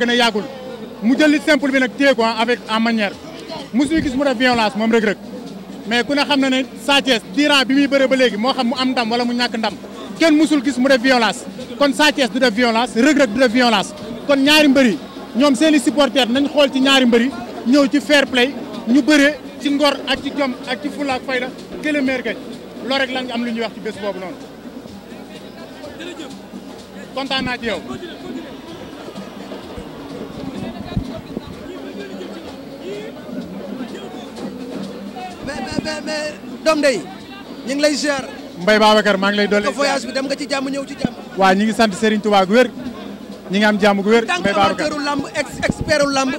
yàgg na yàggul mu jël li simple bi nag téye ko avec en manière mosuñu gis mu def violence moom Reug Reug mais ku ne xam na ne Sa Thiès diiran bi muy bëre ba léegi moo xam mu am ndam wala mu ñàkk ndam kenn musul gis mu def violence kon Sa Thiès du def violence Reug Reug du def violence kon ñaari mbëri ñoom seen i supporters nañ xool ci ñaari mbëri ñëw ci fair play ñu bëre ci ngor ak ci jom ak ci fulla ak fayda que loo rek lañ am lu ñuy wax ci bés boobu noonu naa ci yow mais mais doom day ñu ngi lay mbay Mbaye Babacar maa ngi lay dolli. voyage bi dem nga ci jàmm ñëw ci jàmm. waa ñu ngi sant Serigne Touba gu wér. ñi nga am jàmm gu wér. Mbaye Babacar tant que lamb expert lamb.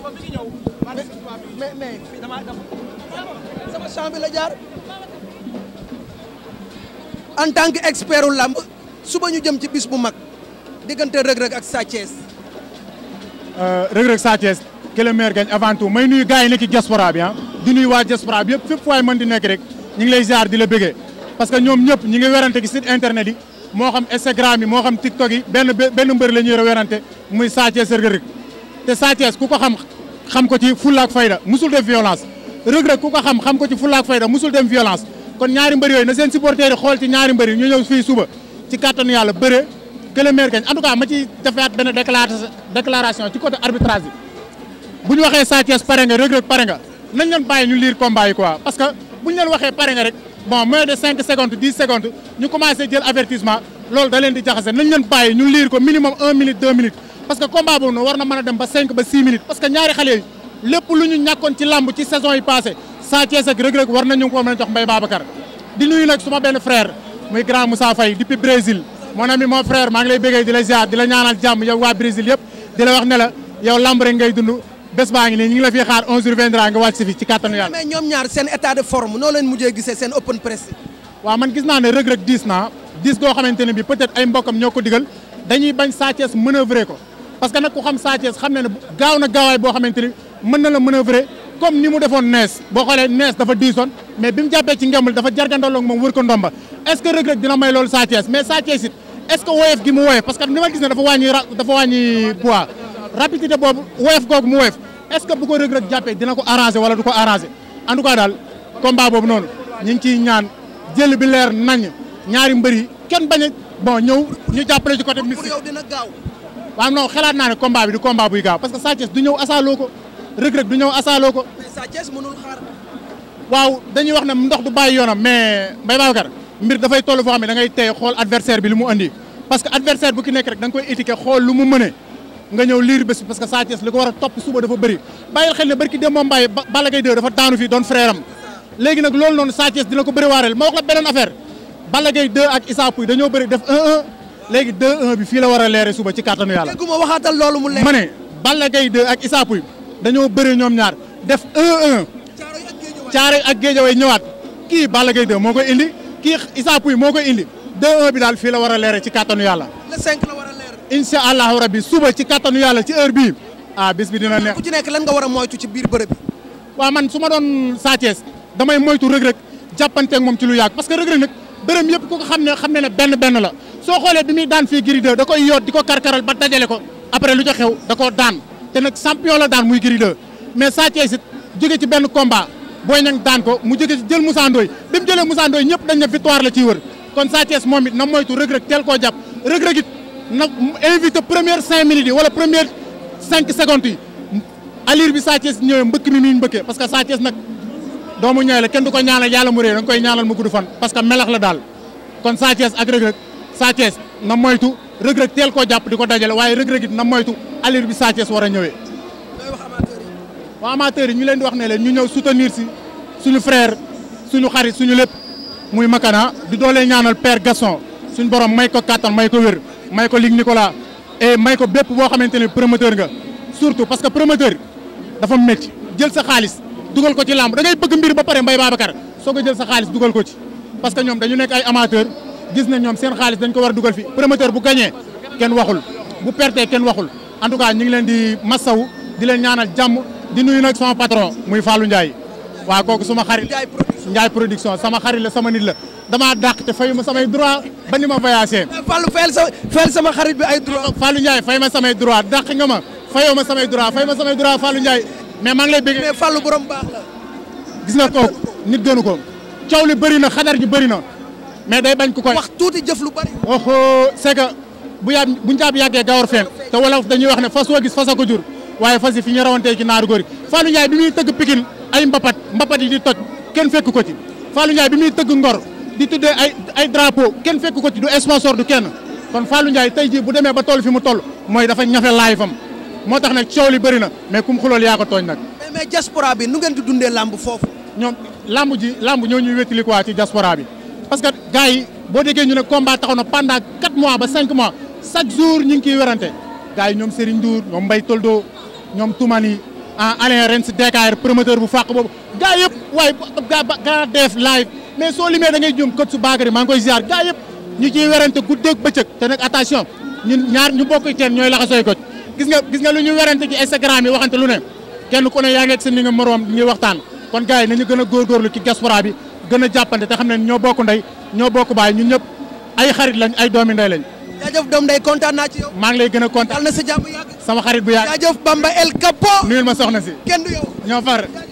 mais mais sama jaar. en tant que expert lamb suba ñu jëm ci bis bu mag diggante Reug Reug ak Sa Thiès. Euh, Reug Reug Sa Thiès que le maire gagne avant tout may nuyu gars yi nekk diaspora bi ah di nuyu waa diaspora bi yëpp fépp waaye mën di nekk rek ñu ngi lay ziar di la bëggee parce que ñoom ñëpp ñu ngi werante ci site internet yi moo xam Instagram yi moo xam TikTok yi benn benn mbër la ñuy werante muy Sa Thiès Reug te Sa ku ko xam xam ko ci fulla ak fayda musul def violence Reug Reug ku ko xam xam ko ci fulla ak fayda musul dem violence kon ñaari mbër yooyu na seen supporters yi ci ñaari mbër ñu ñëw fii suba ci kàttanu yàlla en tout ma ci defaat benn ci côté arbitrage bu ñu waxee Sa Thiès pare nga Reug Reug pare nga nañ leen bàyyi ñu liir combat yi quoi parce que bu ñu leen waxee pare nga rek bon moins de cinq secondes dix secondes ñu commencé jël avertissement loolu da leen di jaxase nañ leen bàyyi ñu liir ko minimum un minute deux minutes parce que combat boobu noonu war na mën a dem ba cinq ba six minutes parce que ñaari xale yi lépp lu ñu ñàkkoon ci làmb ci saison yi passé Sa Thiès ak Reug Reug war nañu ko a jox Mbaye Babacar di nuyu nag suma benn frère muy grand ngi lay la ziar ngay dund bés baa ngi nii ñu ngi la fiy xaar 11 heures viendra nga wàcc si fi ci kàttanu yàlla. mais ñoom ñaar seen état de forme noo leen mujjee gisee seen open press. waaw man gis naa ne Reug diis naa diis goo xamante ne bi peut-être ay mbokkam ñoo ko digal dañuy bañ Sa Thiès ko parce que nag ku xam Sa xam na ne gaaw na gaawaay boo xamante ni mën na la manœuvrer comme ni mu defoon nees boo xoolee nees dafa diisoon mais bi mu jàppee ci ngembul dafa rapidité boobu woyof googu mu woyof est-ce que bu ko Reug jàppee dina ko arranger wala du ko arranger en tout cas daal combat boobu noonu ñu ngi ciy ñaan jël bi leer nañ ñaari mbër yi kenn bañ bon ñëw ñu jàppale ci côté mystique. dina gaaw. waaw non xalaat naa ne combat bi du combat buy gaaw parce que Sa Thiès du ñëw asaaloo ko Reug du ñëw asaaloo ko. mais Sa Thiès mënul xaar. waaw dañuy wax ne ndox du bàyyi yoonam mais Mbaye Babacar mbir dafay toll foo xam ne da ngay tey xool adversaire bi mu andi parce que adversaire bu ki nekk rek da nga koy étiqueté xool lu mu mëne nga ñëw liir bés bi parce que Sa Thiès li ko war a topp suba dafa bëri bàyyil xel ne ki dem moom mbaay Balla Gaye 2 dafa daanu fii doon frère léegi nag loolu noonu Sa Thiès dina ko bëri waareel ma wax la beneen affaire Balla Gaye 2 ak Issa Pouye dañoo bëri def 1 léegi 2-1 bi fii la war a leere suba ci kàttanu yàlla dégguma waxaatal loolu mu leer ma ne Balla Gaye 2 ak Issa Pouye dañoo bëri ñoom ñaar def 1-1 caare ak Guédiawaye ñëwaat kii Balla gay 2 moo koy indi kii Issa Pouye moo koy indi 2 bi daal fii la war a leere ci kàttanu yàlla incha allahu rabi suba ci kattanu yàlla ci heure bii ah bis bi dina neex. ku ci nekk lan nga war a moytu ci biir bërëb bi. waaw man su ma doon Sa Thiès damay moytu rëg-rëg jàppanteeg moom ci lu yàgg parce que rëg-rëg nag bërëm yëpp ku ko xam ne xam ne ne benn benn la soo xoolee bi muy daan fii Gris 2 da koy yoot di ko karkaral ba dajale ko après lu ca xew da koo daan te nag champion la daan muy Gris mais Sa Thiès it jóge ci benn combat booy nag daan ko mu jóge ci jël Moussa Ndoye bi mu jëlee dañ ne victoire la kon Sa Thiès moom it na moytu rëg-rëg teel koo jàpp rëg nag invité première cinq minutes yi wala première cinq secondes yi alir bi Sa ñëwee mbëkk mi muy mbëkkee parce que Sa nag doomu ñooy la kenn du ko ñaanal yàlla mu réer da koy ñaanal mu gudd fan parce que melax la daal kon Sa Thiès ak Reug Reug Sa na moytu Reug Reug teel koo jàpp di ko dajale waaye Reug Reug it na moytu alir bi Sa war a ñëwee waa amateurs yi ñu leen di wax ne leen ñu ñëw soutenir si suñu frère suñu xarit suñu lépp muy Makana di doolee ñaanal père Gaston borom may ko kàttan may may ko Luc Nicolas et may ko bépp boo xamante ne promoteur nga surtout parce que promoteur dafa métti jël sa xaalis dugal ko ci làmb da ngay bëgg mbir ba pare bay Mbaye Babacar soo ko jël sa xaalis dugal ko ci parce que ñoom dañu nekk ay amateur gis nañ ñoom seen xaalis dañ ko war a dugal fi promoteur bu gagné kenn waxul bu perte kenn waxul en tout cas ñu ngi leen di massaw di leen ñaanal jàmm di nuyu nag sama patron muy faalu Ndiaye waaw kooku suma xarit Ndiaye production sama xarit la sama nit damaa dàq te fayu ma samay droit ba ni ma voyagé. Fallou fayal sa fayal sama xarit bi ay droit. Oh, Fallou Ndiaye fay ma samay droit dàq nga ma fayoo ma samay droit fay ma samay droit Fallou Ndiaye mais maa ngi lay bëgg. mais Fallou borom baax la. gis na kooku nit gënu ko coow li bëri na xadar gi bëri na mais day bañ ku koy. wax tuuti jëf lu bëri. waxoo c'est que bu yàgg bu njaab yàggee gawar feeñ te wolof dañuy wax ne fas woo gis fasa ko jur waaye fas yi fi ñu rawantee ci naaru góor yi Fallou Ndiaye bi muy tëgg Pikine ay mbapat mbapat yi di toj kenn fekk ko ci Fallou Ndiaye bi muy tëgg Ngor di tuddee ay ay drapeau kenn fekk ko ci du sponsor du kenn kon Fallou Ndiaye tey bu demee ba toll fi mu toll mooy dafa ñafe laay fam moo tax nag coow li bëri mais kum xulool yaa ko tooñ nag. mais mais diaspora bi nu ngeen di dundee làmb foofu. ñoom làmb ji làmb ñoo ñuy wétali ci diaspora bi parce que gars boo déggee ñu ne combat taxaw na pendant 4 mois ba 5 mois chaque jour ñu ngi kiy werante gars yi ñoom Serigne Ndour ñoom Mbaye Toldo ñoom Toumani ah Alain Rens DKR bu fàq boobu gars yëpp mais soo limee da ngay juum kët su baagari maa ngi koy ziar gaa yëpp ñu ciy werante guddeeg bëccëg te nag attention ñu bokk teen ñooy laxasooy koj gis nga gis nga lu ñu werante ci Instagram yi waxante lu ne kenn ku ne yaa ngi ak seen ni nga moroom ñuy waxtaan kon gars yi nañu gën a góorgóorlu ci diaspora bi gën a te xam ne ñoo bokk ndey ñoo bokk baay ñun ñëpp ay xarit lañ ay doomi ndey lañ kontaan naa maa ngi lay gën a kontaan yàlla na sa jàmm yàgg sama xarit bu yàgg jaajëf Bamba ma soxna